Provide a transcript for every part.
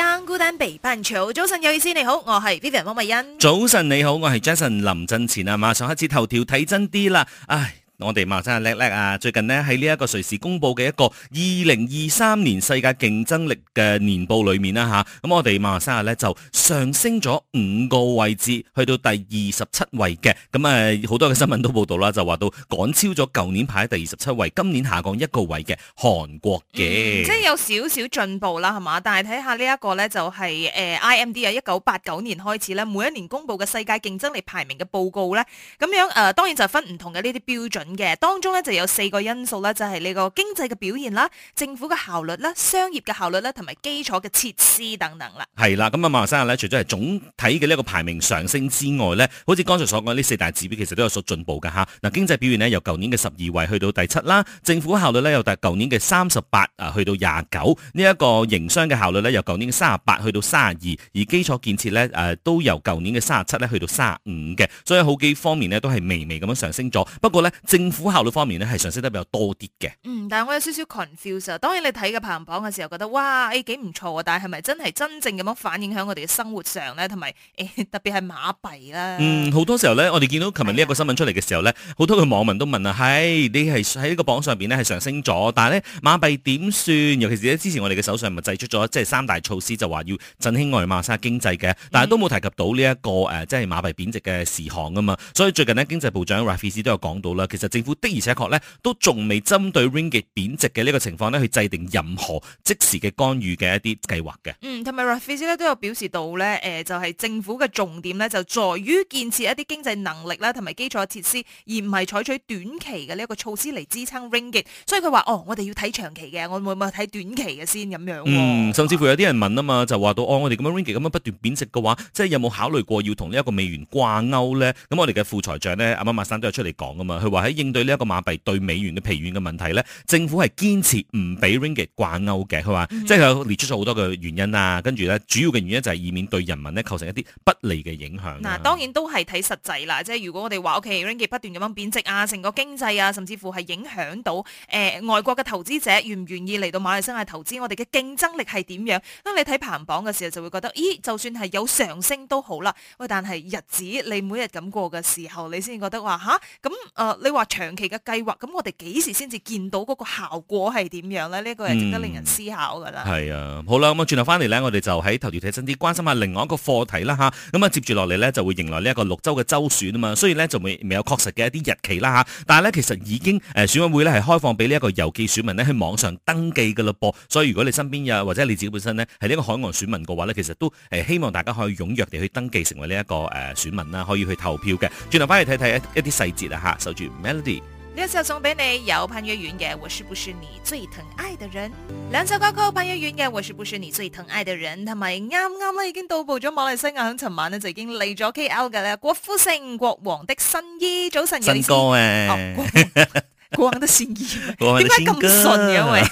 孤單被草早晨有意思，你好，我係 Vivian 汪美欣。早晨你好，我係 Jason 林振前啊嘛，馬上開始頭條睇真啲啦，唉。我哋馬生日叻叻啊！最近呢，喺呢一個瑞士公佈嘅一個二零二三年世界競爭力嘅年報裏面啦嚇，咁我哋馬生日咧就上升咗五個位置，去到第二十七位嘅。咁啊，好多嘅新聞都報道啦，就話到趕超咗舊年排喺第二十七位，今年下降一個位嘅韓國嘅、嗯，即係有少少進步啦，係嘛？但係睇下呢一個咧、就係，就係誒 IMD 啊，一九八九年開始咧，每一年公佈嘅世界競爭力排名嘅報告咧，咁樣誒、呃，當然就分唔同嘅呢啲標準。嘅當中咧就有四個因素咧，就係、是、呢個經濟嘅表現啦、政府嘅效率啦、商業嘅效率啦、同埋基礎嘅設施等等啦。係啦，咁啊馬生日咧除咗係總體嘅呢個排名上升之外咧，好似剛才所講呢四大指標其實都有所進步噶吓。嗱、啊，經濟表現呢，由舊年嘅十二位去到第七啦，政府效率咧由舊年嘅三十八啊去到廿九，呢一個營商嘅效率咧由舊年嘅三十八去到三十二，而基礎建設咧誒、呃、都由舊年嘅三十七咧去到三十五嘅，所以好幾方面呢，都係微微咁樣上升咗。不過咧。政府效率方面呢，係上升得比較多啲嘅。嗯，但係我有少少 confusion。當然你睇嘅排行榜嘅時候，覺得哇誒幾唔錯啊！但係係咪真係真正咁樣反映喺我哋嘅生活上咧？同埋、哎、特別係馬幣啦。嗯，好多時候咧，我哋見到琴日呢一個新聞出嚟嘅時候咧，好、哎、多嘅網民都問啊：，係、哎、你係喺呢個榜上邊咧係上升咗，但係咧馬幣點算？尤其是之前我哋嘅首相咪製出咗即係三大措施，就話要振興外馬莎經濟嘅、嗯，但係都冇提及到呢、這、一個誒，即、啊、係、就是、馬幣貶值嘅事項啊嘛。所以最近咧，經濟部長 Rafizi 都有講到啦，其實。政府的而且確咧，都仲未針對 ringgit 貶值嘅呢個情況咧，去制定任何即時嘅干預嘅一啲計劃嘅。嗯，同埋 Rafizi 都有表示到咧、呃，就係、是、政府嘅重點咧就在於建設一啲經濟能力啦，同埋基礎設施，而唔係採取短期嘅呢一個措施嚟支撐 ringgit。所以佢話：，哦，我哋要睇長期嘅，我會唔會睇短期嘅先咁樣。嗯，甚至乎有啲人問啊嘛，就話到：，哦，我哋咁樣 ringgit 咁樣不斷貶值嘅話，即係有冇考慮過要同呢一個美元掛鈎咧？咁我哋嘅副財長咧，阿馬馬生都有出嚟講啊嘛，佢話喺。應對呢一個馬幣對美元嘅疲軟嘅問題咧，政府係堅持唔俾 Ringgit 掛鈎嘅。佢話，嗯嗯即係列出咗好多嘅原因啊。跟住咧，主要嘅原因就係以免對人民呢構成一啲不利嘅影響。嗱，當然都係睇實際啦。即係如果我哋話 OK、OK，Ringgit 不斷咁樣貶值啊，成個經濟啊，甚至乎係影響到、呃、外國嘅投資者願唔願意嚟到馬來西亞投資，我哋嘅競爭力係點樣？當你睇排行榜嘅時候就會覺得，咦，就算係有上升都好啦。喂，但係日子你每日咁過嘅時候，你先覺得話吓，咁、啊呃、你話。長期嘅計劃，咁我哋幾時先至見到嗰個效果係點樣呢？呢、這個係值得令人思考㗎啦。係、嗯、啊，好啦，咁啊轉頭翻嚟呢，我哋就喺頭條睇真 D，關心下另外一個課題啦吓，咁啊、嗯、接住落嚟呢，就會迎來呢一個六州嘅州選啊嘛。所以呢，就未未有確實嘅一啲日期啦吓、啊，但係呢，其實已經誒、呃、選委會呢，係開放俾呢一個郵寄選民呢，喺網上登記㗎啦噃。所以如果你身邊有或者你自己本身呢，係呢一個海外選民嘅話呢，其實都誒、呃、希望大家可以踴躍地去登記成為呢、這、一個誒、呃、選民啦，可以去投票嘅。轉頭翻嚟睇睇一啲細節啊嚇，守住呢一首送畀你，有潘月圓嘅，我是不是你最疼愛的人？兩首歌曲：潘月圓嘅，我是不是你最疼愛的人？同埋啱啱咧已經到步咗馬來西亞，響尋晚咧就已經嚟咗 KL 嘅啦。郭富城，國王的新衣，早晨嘅新歌咩？ 光得善意，點解咁順嘅？因為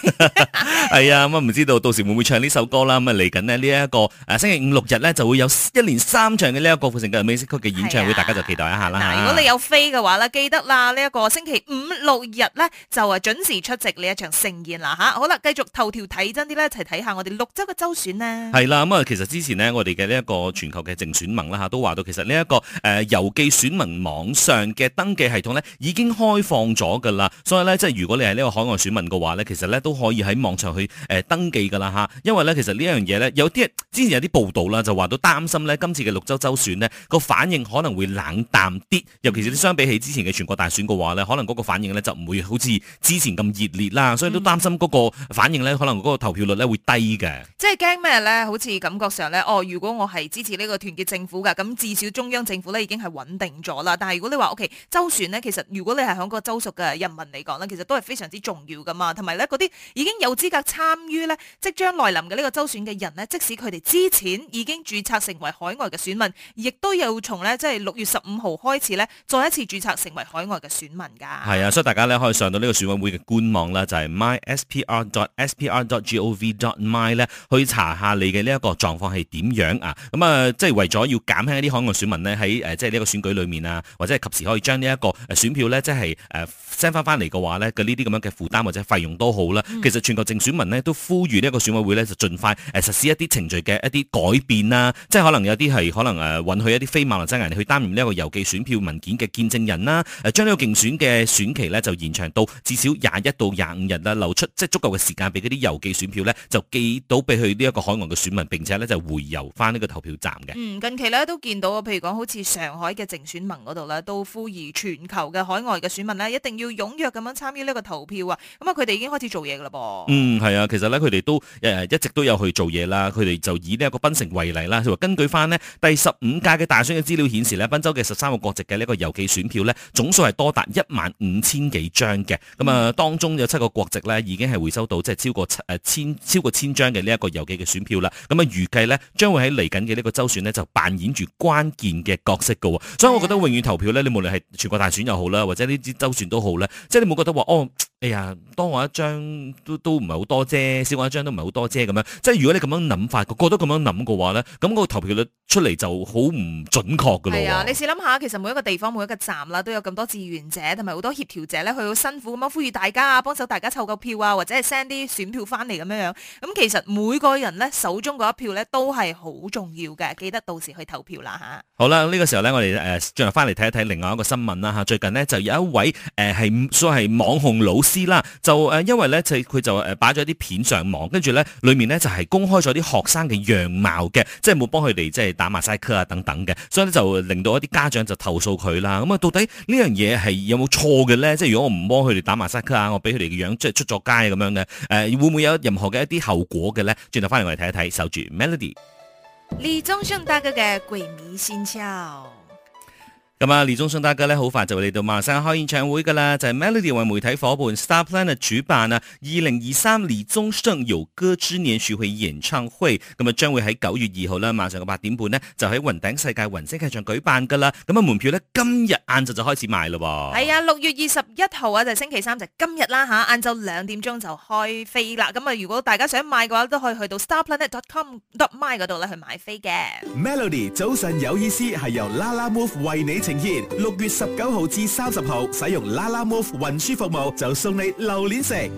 係 啊，咁啊唔知道到時會唔會唱呢首歌啦？咁啊嚟緊呢一、這個誒、呃、星期五六日咧就會有一連三場嘅呢一個郭富城嘅《美式曲》嘅演唱會，啊，大家就期待一下啦。嗱、啊，如果你有飛嘅話咧，記得啦，呢、這、一個星期五六日咧就啊準時出席呢一場盛宴啦吓。好啦，繼續頭條睇真啲咧，一齊睇下我哋六州嘅州選呢。係啦、啊，咁、嗯、啊、嗯，其實之前呢，我哋嘅呢一個全球嘅淨選盟啦吓，都話到其實呢、這、一個誒郵、呃、寄選民網上嘅登記系統咧已經開放咗噶啦。所以咧，即係如果你係呢個海外選民嘅話咧，其實咧都可以喺網上去誒登記噶啦嚇。因為咧，其實呢樣嘢咧，有啲之前有啲報道啦，就話都擔心咧，今次嘅六州州選呢個反應可能會冷淡啲，尤其是相比起之前嘅全國大選嘅話咧，可能嗰個反應咧就唔會好似之前咁熱烈啦，所以都擔心嗰個反應咧，可能嗰個投票率咧會低嘅、嗯。即係驚咩咧？好似感覺上咧，哦，如果我係支持呢個團結政府㗎，咁至少中央政府咧已經係穩定咗啦。但係如果你話 OK 州選呢，其實如果你係喺個州屬嘅人民，你講呢，其實都係非常之重要㗎嘛，同埋咧嗰啲已經有資格參與咧，即將來臨嘅呢個州選嘅人呢，即使佢哋之前已經註冊成為海外嘅選民，亦都有從呢，即係六月十五號開始咧，再一次註冊成為海外嘅選民㗎。係啊，所以大家咧可以上到呢個選委會嘅官網啦，就係、是、myspr.spr.gov.my 咧去查下你嘅呢一個狀況係點樣啊。咁啊、呃，即係為咗要減輕一啲海外選民呢，喺、呃、誒即係呢個選舉裡面啊，或者係及時可以將呢一個選票咧即係誒 send 翻翻。呃翻嚟嘅話咧，嘅呢啲咁樣嘅負擔或者費用都好啦。其實全球淨選盟呢都呼籲呢一個選委會咧就盡快誒實施一啲程序嘅一啲改變啦。即係可能有啲係可能誒允許一啲非馬來西亞人去擔任呢一個郵寄選票文件嘅見證人啦。誒，將呢個競選嘅選期呢，就延長到至少廿一到廿五日啦，留出即係足夠嘅時間俾嗰啲郵寄選票呢，就寄到俾去呢一個海外嘅選民，並且呢就回郵翻呢個投票站嘅、嗯。近期呢，都見到，譬如講好似上海嘅淨選盟嗰度呢，都呼籲全球嘅海外嘅選民呢，一定要勇。咁樣參與呢個投票啊！咁啊，佢哋已經開始做嘢噶啦噃。嗯，係啊，其實咧，佢哋都誒、呃、一直都有去做嘢啦。佢哋就以呢一個檳城為例啦。佢話根據翻呢第十五屆嘅大選嘅資料顯示咧，檳州嘅十三個國席嘅呢一個郵寄選票咧，總數係多達一萬五千幾張嘅。咁、嗯、啊，當中有七個國席咧，已經係回收到即係超過七誒千超過千張嘅呢一個郵寄嘅選票啦。咁啊，預計咧將會喺嚟緊嘅呢個州選呢，就扮演住關鍵嘅角色噶。所以我覺得永遠投票咧，你無論係全國大選又好啦，或者呢啲州選都好咧。.即係你冇覺得話哦。哎呀，多我一張都都唔係好多啫，少我一張都唔係好多啫咁樣。即係如果你咁樣諗法，個個都咁樣諗嘅話咧，咁個投票率出嚟就好唔準確㗎咯。係啊，你試諗下，其實每一個地方每一個站啦，都有咁多志願者同埋好多協調者咧，佢好辛苦咁樣呼籲大家啊，幫手大家湊夠票啊，或者係 send 啲選票翻嚟咁樣樣。咁其實每個人咧手中嗰一票咧都係好重要嘅，記得到時去投票啦嚇。好啦，呢個時候咧，我哋誒進入翻嚟睇一睇另外一個新聞啦嚇。最近呢，就有一位誒係、呃、所謂網紅老師知啦，就誒，因為咧，即係佢就誒，擺咗一啲片上網，跟住咧，裏面咧就係公開咗啲學生嘅樣貌嘅，即係冇幫佢哋即係打馬賽克啊等等嘅，所以咧就令到一啲家長就投訴佢啦。咁啊，到底這件事是有有呢樣嘢係有冇錯嘅咧？即係如果我唔幫佢哋打馬賽克啊，我俾佢哋嘅樣即係出咗街咁樣嘅，誒，會唔會有任何嘅一啲後果嘅咧？轉頭翻嚟我哋睇一睇，守住 Melody 李宗盛大哥嘅《鬼迷心竅》咁啊，李宗盛大哥咧，好快就會嚟到黃山開演唱會噶啦，就係 Melody 為媒體夥伴 Star Planet 主辦啊，二零二三李宗盛有歌之年巡迴演唱會，咁啊將會喺九月二號啦，晚上嘅八點半呢，就喺雲頂世界雲星劇場舉辦噶啦，咁啊門票呢，今日晏晝就開始賣咯喎，係啊，六月二十一號啊就星期三就今日啦吓，晏晝兩點鐘就開飛啦，咁啊如果大家想買嘅話，都可以去到 Star Planet dot com dot my 嗰度咧去買飛嘅。Melody 早晨有意思係由啦啦 Move 為你六月十九號至三十號，使用啦啦 Move 運輸服務，就送你榴蓮食。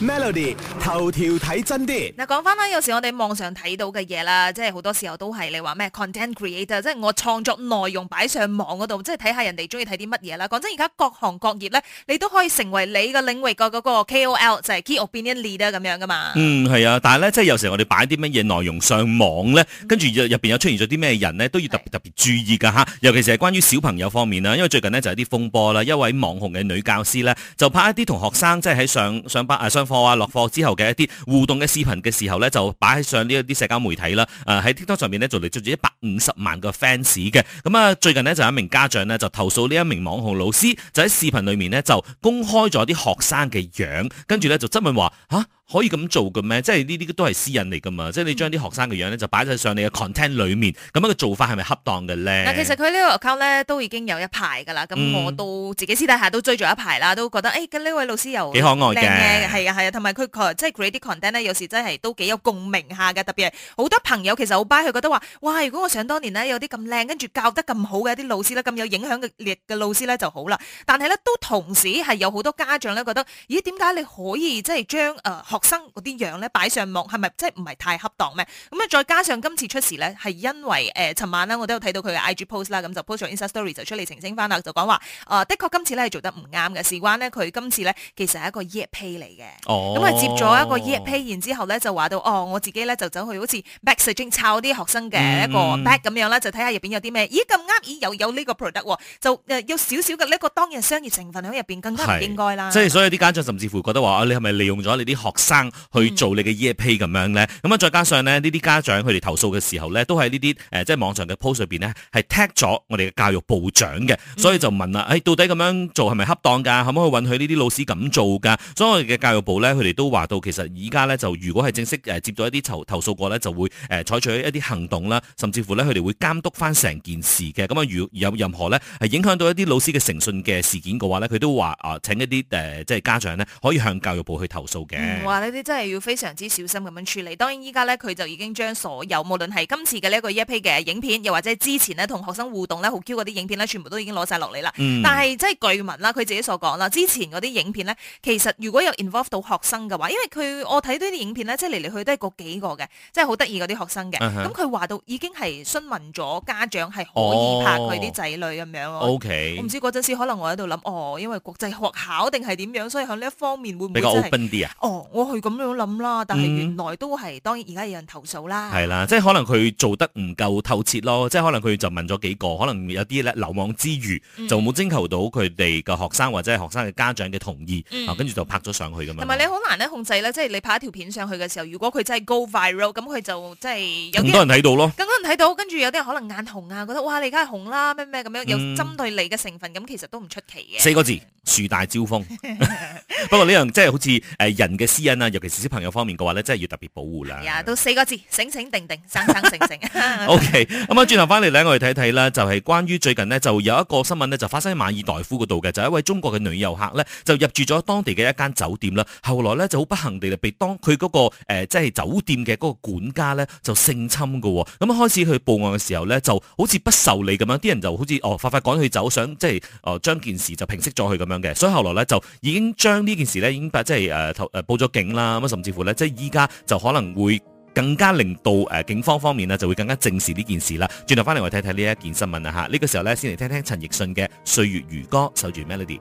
Melody，頭條睇真啲。嗱，講返啦，有時我哋網上睇到嘅嘢啦，即係好多時候都係你話咩 content creator，即係我創作內容擺上網嗰度，即係睇下人哋中意睇啲乜嘢啦。講真，而家各行各業咧，你都可以成為你個領域個嗰個 KOL，就係 Key Opinion Leader 咁樣噶嘛。嗯，係啊，但係咧，即係有時我哋擺啲乜嘢內容上網咧，跟住入面又出現咗啲咩人咧，都要特別特別注意噶嚇。尤其是係關於小朋友方面啦，因為最近呢，就有啲風波啦，一位網紅嘅女教師咧，就拍一啲同學生即係喺上上啊上。上課啊，落課之後嘅一啲互動嘅視頻嘅時候呢，就擺喺上呢一啲社交媒體啦。誒喺 t 多多上面呢，就嚟着住一百五十萬個 fans 嘅。咁啊最近呢，就有一名家長呢，就投訴呢一名網紅老師，就喺視頻裏面呢，就公開咗啲學生嘅樣，跟住呢，就質問話吓。可以咁做嘅咩？即係呢啲都係私隱嚟㗎嘛！嗯、即係你將啲學生嘅樣咧，就擺曬上你嘅 content 裏面，咁樣嘅做法係咪恰當嘅咧？嗱，其實佢呢個 account 咧都已經有一排㗎啦，咁、嗯、我都自己私底下都追咗一排啦，都覺得誒，呢、哎、位老師又幾可愛嘅，係啊係啊，同埋佢即係嗰啲 content 咧，有時真係都幾有共鳴下嘅，特別係好多朋友其實好 buy 佢覺得話，哇！如果我想當年呢，有啲咁靚，跟住教得咁好嘅一啲老師咧，咁有影響力嘅老師咧就好啦。但係咧都同時係有好多家長咧覺得，咦？點解你可以即係將、呃學生嗰啲樣咧擺上網，係咪即係唔係太恰當咩？咁啊再加上今次出事呢，係因為誒，尋、呃、晚咧我都有睇到佢嘅 IG post 啦，咁就 post 咗 Insta story 就出嚟澄清返啦，就講話、呃、的確今次呢係做得唔啱嘅，事關呢，佢今次呢其實係一個 year pay 嚟嘅，咁、哦、啊、嗯哦、接咗一個 year pay，然之後呢就話到哦，我自己呢，就走去好似 back search 抄啲學生嘅一個 back 咁、嗯、樣啦，就睇下入面有啲咩，咦咁啱咦又有呢個 product，就有少少嘅呢個當日商業成分喺入邊更加唔應該啦。即係所以啲家長甚至乎覺得話你係咪利用咗你啲學生？生、嗯、去做你嘅 EAP 咁樣咧，咁啊再加上咧呢啲家長佢哋投訴嘅時候咧，都喺呢啲即係網上嘅 post 上邊咧係 tag 咗我哋嘅教育部長嘅、嗯，所以就問啦、哎，到底咁樣做係咪恰當㗎？可唔可以允許呢啲老師咁做㗎？所以我哋嘅教育部咧，佢哋都話到其實而家咧就如果係正式接到一啲投投訴過咧，就會誒、呃、採取一啲行動啦，甚至乎咧佢哋會監督翻成件事嘅。咁啊如果有任何咧係影響到一啲老師嘅誠信嘅事件嘅話咧，佢都話啊、呃、請一啲、呃、即係家長咧可以向教育部去投訴嘅。嗯呢、啊、啲真係要非常之小心咁樣處理。當然依家咧，佢就已經將所有無論係今次嘅呢一個呢一批嘅影片，又或者之前咧同學生互動咧好 Q 嗰啲影片咧，全部都已經攞晒落嚟啦。嗯。但係即係據聞啦，佢自己所講啦，之前嗰啲影片咧，其實如果有 involve 到學生嘅話，因為佢我睇到啲影片咧，即係嚟嚟去都係嗰幾個嘅，即係好得意嗰啲學生嘅。咁佢話到已經係詢問咗家長係可以拍佢啲仔女咁、oh, 樣。O、okay. K。我唔知嗰陣時可能我喺度諗，哦，因為國際學校定係點樣，所以喺呢一方面會唔會真哦，佢咁樣諗啦，但係原來都係、嗯、當然，而家有人投訴啦。係啦，即係可能佢做得唔夠透徹咯，即係可能佢就問咗幾個，可能有啲咧漏網之魚，嗯、就冇徵求到佢哋嘅學生或者係學生嘅家長嘅同意，跟、嗯、住就拍咗上去咁樣。同埋你好難咧控制咧，即係你拍一條片上去嘅時候，如果佢真係 go viral，咁佢就即係有更多人睇到咯，更多人睇到，跟住有啲人可能眼紅啊，覺得哇你而家紅啦咩咩咁樣，有針對你嘅成分，咁、嗯、其實都唔出奇嘅。四個字樹大招風， 不過呢樣即係好似誒人嘅私隱。尤其是小朋友方面嘅話咧，真係要特別保護啦。啊，都四個字，醒醒定定，生生性性。O K，咁啊，轉頭翻嚟咧，我哋睇睇啦，就係、是、關於最近呢，就有一個新聞呢，就發生喺馬爾代夫嗰度嘅，就一位中國嘅女遊客呢，就入住咗當地嘅一間酒店啦。後來呢，就好不幸地被當佢嗰、那個誒、呃，即係酒店嘅嗰個管家呢，就性侵嘅。咁啊，開始去報案嘅時候呢，就好似不受理咁樣，啲人就好似哦，快快趕去走，想即係哦，將、呃、件事就平息咗佢咁樣嘅。所以後來呢，就已經將呢件事呢，已經把即係誒，誒報咗警。啦，咁甚至乎咧，即係依家就可能會更加令到誒警方方面呢，就會更加正視呢件事啦。轉頭翻嚟我睇睇呢一件新聞啊吓，呢、這個時候咧先嚟聽聽陳奕迅嘅《歲月如歌》，守住 Melody。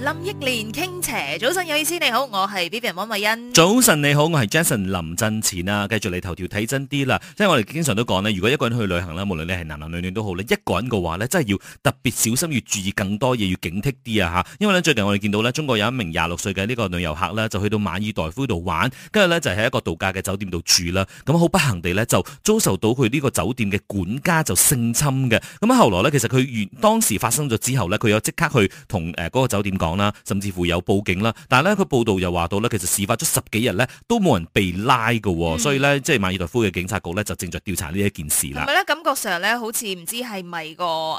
林憶蓮傾斜，早晨有意思，你好，我係 Beverly 蒙慧欣。早晨你好，我係 Jason 林振前啊，繼續你頭條睇真啲啦。即係我哋經常都講呢，如果一個人去旅行啦，無論你係男男女女都好咧，一個人嘅話呢，真係要特別小心，要注意更多嘢，要警惕啲啊吓。因為呢，最近我哋見到呢，中國有一名廿六歲嘅呢個女遊客啦，就去到馬爾代夫度玩，跟住呢，就喺、是、一個度假嘅酒店度住啦。咁好不幸地呢，就遭受到佢呢個酒店嘅管家就性侵嘅。咁啊，後來咧，其實佢原當時發生咗之後呢，佢有即刻去同誒嗰個酒店講。甚至乎有報警啦，但係咧佢報道又話到咧，其實事發咗十幾日咧都冇人被拉嘅、嗯，所以咧即係馬爾代夫嘅警察局咧就正在調查呢一件事啦。咁呢感覺上咧好似唔知係咪個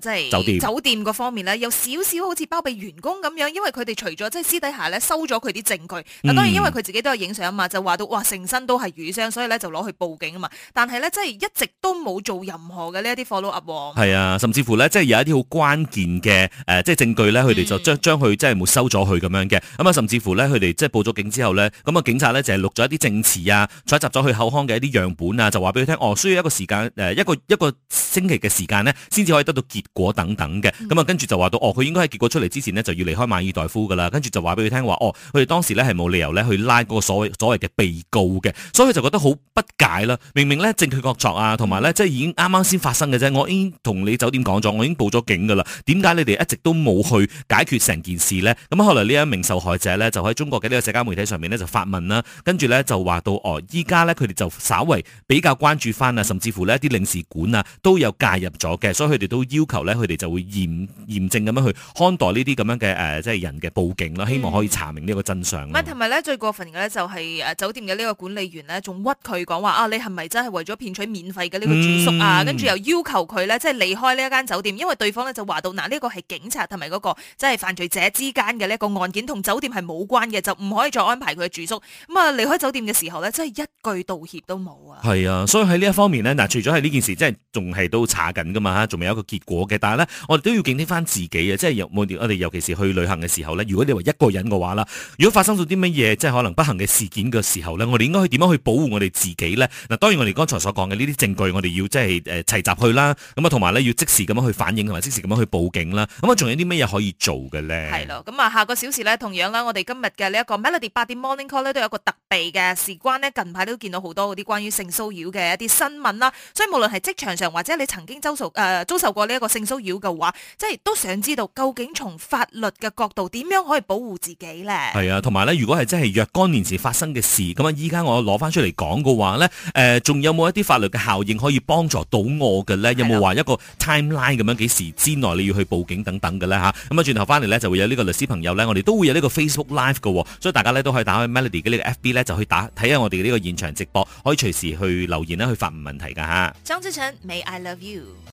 即係、呃就是、酒店酒店嗰方面咧有少少好似包庇員工咁樣，因為佢哋除咗即係私底下咧收咗佢啲證據，但當然因為佢自己都有影相嘛，就話、是、到哇成身都係瘀傷，所以咧就攞去報警啊嘛。但係咧即係一直都冇做任何嘅呢一啲 follow up、嗯。係啊，甚至乎咧即係有一啲好關鍵嘅誒，即、啊、係、呃、證據咧佢哋就將將佢即係沒收咗佢咁樣嘅，咁啊甚至乎咧，佢哋即係報咗警之後呢。咁啊警察呢，就係錄咗一啲證詞啊，採集咗佢口腔嘅一啲樣本啊，就話俾佢聽哦，需要一個時間誒，一個一個星期嘅時間呢，先至可以得到結果等等嘅，咁、嗯、啊跟住就話到哦，佢應該喺結果出嚟之前呢，就要離開馬爾代夫噶啦，跟住就話俾佢聽話哦，佢哋當時呢，係冇理由咧去拉嗰個所謂所謂嘅被告嘅，所以就覺得好不解啦。明明呢，證據確鑿啊，同埋呢，即係已經啱啱先發生嘅啫，我已經同你酒店講咗，我已經報咗警噶啦，點解你哋一直都冇去解決？成件事呢，咁後來呢一名受害者呢，就喺中國嘅呢個社交媒體上面呢，就發問啦，跟住呢，就話到哦，依家呢，佢哋就稍微比較關注翻啊，甚至乎呢啲領事館啊都有介入咗嘅，所以佢哋都要求呢，佢哋就會驗驗證咁樣去看待呢啲咁樣嘅誒、呃、即係人嘅報警啦，希望可以查明呢個真相。唔係同埋呢最過分嘅呢、就是，就係酒店嘅呢個管理員呢，仲屈佢講話啊，你係咪真係為咗騙取免費嘅呢個住宿啊？跟、嗯、住、啊、又要求佢呢，即係離開呢一間酒店，因為對方呢，就話到嗱呢、啊呢個係警察同埋嗰個即係犯。犯罪者之間嘅呢一個案件同酒店係冇關嘅，就唔可以再安排佢嘅住宿。咁啊，離開酒店嘅時候呢，真係一句道歉都冇啊。係啊，所以喺呢一方面呢，嗱，除咗係呢件事，真係仲係都查緊噶嘛，仲未有一個結果嘅。但係呢，我哋都要警惕翻自己啊，即係我哋尤其是去旅行嘅時候呢，如果你話一個人嘅話啦，如果發生咗啲乜嘢，即係可能不幸嘅事件嘅時候呢，我哋應該去點樣去保護我哋自己呢？嗱，當然我哋剛才所講嘅呢啲證據，我哋要即係誒齊集去啦。咁啊，同埋呢要即時咁樣去反映同埋即時咁樣去報警啦。咁啊，仲有啲乜嘢可以做？係咯，咁啊，下個小時咧，同樣咧，我哋今日嘅呢一個 Melody 八點 Morning Call 咧，都有個特別嘅，事關咧近排都見到好多嗰啲關於性騷擾嘅一啲新聞啦，所以無論係職場上或者你曾經遭受誒遭受過呢一個性騷擾嘅話，即係都想知道究竟從法律嘅角度點樣可以保護自己咧？係啊，同埋咧，如果係真係若干年前發生嘅事，咁啊，依家我攞翻出嚟講嘅話咧，誒，仲有冇一啲法律嘅效應可以幫助到我嘅咧？有冇話一個 timeline 咁樣幾時之內你要去報警等等嘅咧？嚇，咁啊，轉頭翻，咧就會有呢個律師朋友咧，我哋都會有呢個 Facebook Live 嘅，所以大家咧都可以打開 Melody 嘅呢個 FB 咧，就可以打睇下我哋呢個現場直播，可以隨時去留言啦，去發問問題㗎。嚇。張智成，May I love you？